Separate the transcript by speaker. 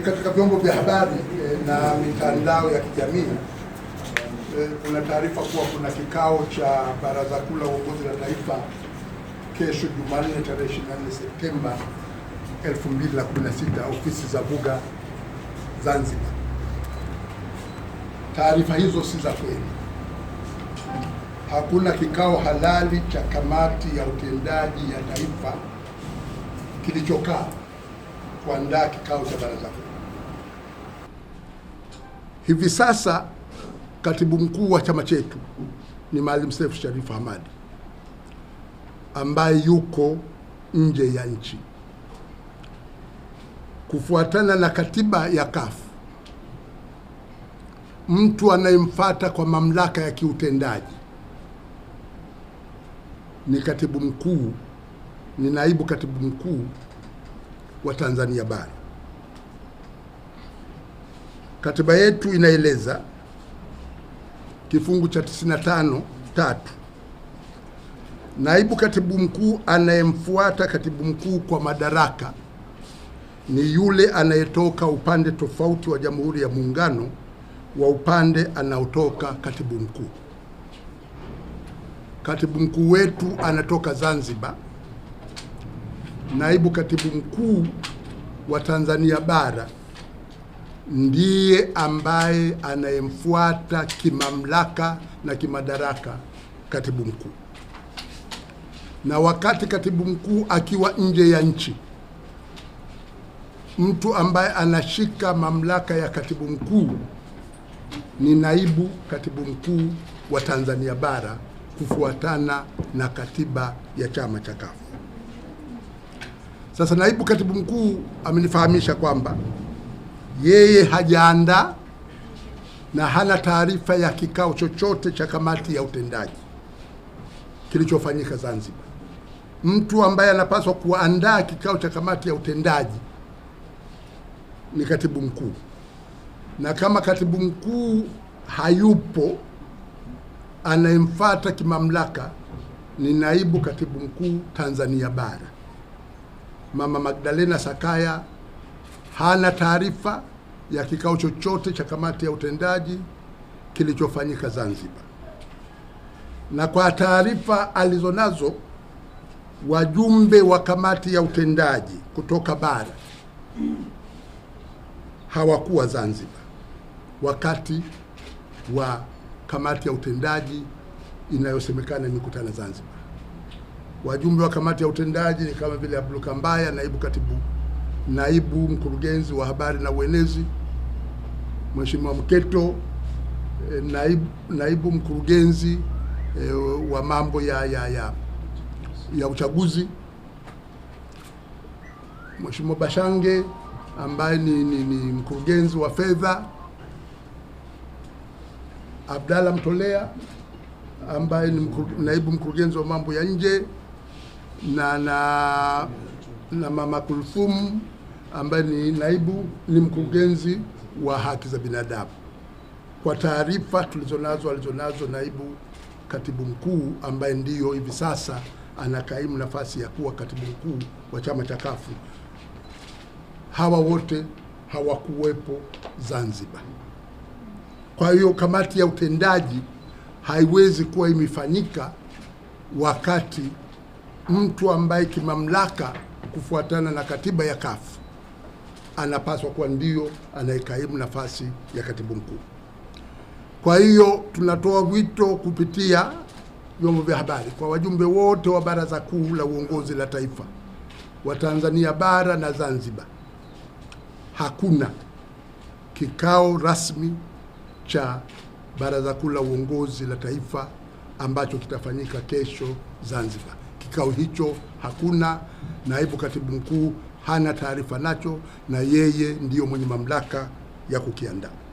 Speaker 1: katika vyombo vya habari e, na mitandao ya kijamii e, kuna taarifa kuwa kuna kikao cha Baraza Kuu la Uongozi la Taifa kesho Jumanne tarehe 24 Septemba 2016 ofisi za Vuga Zanzibar. Taarifa hizo si za kweli. Hakuna kikao halali cha kamati ya utendaji ya taifa kilichokaa kuandaa kikao cha baraza kuu. Hivi sasa katibu mkuu wa chama chetu ni Maalim Seif Sharif Hamad ambaye yuko nje ya nchi. Kufuatana na katiba ya CUF, mtu anayemfata kwa mamlaka ya kiutendaji ni katibu mkuu, ni naibu katibu mkuu wa Tanzania Bara. Katiba yetu inaeleza kifungu cha 95 tatu, naibu katibu mkuu anayemfuata katibu mkuu kwa madaraka ni yule anayetoka upande tofauti wa Jamhuri ya Muungano wa upande anaotoka katibu mkuu. Katibu mkuu wetu anatoka Zanzibar. Naibu katibu mkuu wa Tanzania bara ndiye ambaye anayemfuata kimamlaka na kimadaraka katibu mkuu, na wakati katibu mkuu akiwa nje ya nchi, mtu ambaye anashika mamlaka ya katibu mkuu ni naibu katibu mkuu wa Tanzania bara kufuatana na katiba ya chama cha CUF. Sasa naibu katibu mkuu amenifahamisha kwamba yeye hajaandaa na hana taarifa ya kikao chochote cha kamati ya utendaji kilichofanyika Zanzibar. Mtu ambaye anapaswa kuandaa kikao cha kamati ya utendaji ni katibu mkuu, na kama katibu mkuu hayupo, anayemfuata kimamlaka ni naibu katibu mkuu Tanzania Bara, Mama Magdalena Sakaya hana taarifa ya kikao chochote cha kamati ya utendaji kilichofanyika Zanzibar, na kwa taarifa alizonazo wajumbe wa kamati ya utendaji kutoka bara hawakuwa Zanzibar wakati wa kamati ya utendaji inayosemekana imekutana Zanzibar. Wajumbe wa kamati ya utendaji ni kama vile Abdul Kambaya, naibu katibu naibu mkurugenzi wa habari na uenezi, Mheshimiwa Mketo eh, naibu, naibu mkurugenzi eh, wa mambo ya, ya, ya, ya uchaguzi, Mheshimiwa Bashange ambaye ni, ni, ni mkurugenzi wa fedha, Abdalla Mtolea ambaye ni mkuru, naibu mkurugenzi wa mambo ya nje na na na Mama Kulthum ambaye ni naibu ni mkurugenzi wa haki za binadamu, kwa taarifa tulizonazo alizonazo naibu katibu mkuu ambaye ndiyo hivi sasa anakaimu nafasi ya kuwa katibu mkuu wa chama cha Kafu, hawa wote hawakuwepo Zanzibar. Kwa hiyo kamati ya utendaji haiwezi kuwa imefanyika wakati mtu ambaye kimamlaka kufuatana na katiba ya CAF anapaswa kuwa ndio anayekaimu nafasi ya katibu mkuu. Kwa hiyo tunatoa wito kupitia vyombo vya habari kwa wajumbe wote wa Baraza Kuu la Uongozi la Taifa wa Tanzania Bara na Zanzibar, hakuna kikao rasmi cha Baraza Kuu la Uongozi la Taifa ambacho kitafanyika kesho Zanzibar kikao hicho hakuna, naibu katibu mkuu hana taarifa nacho, na yeye ndiyo mwenye mamlaka ya kukiandaa.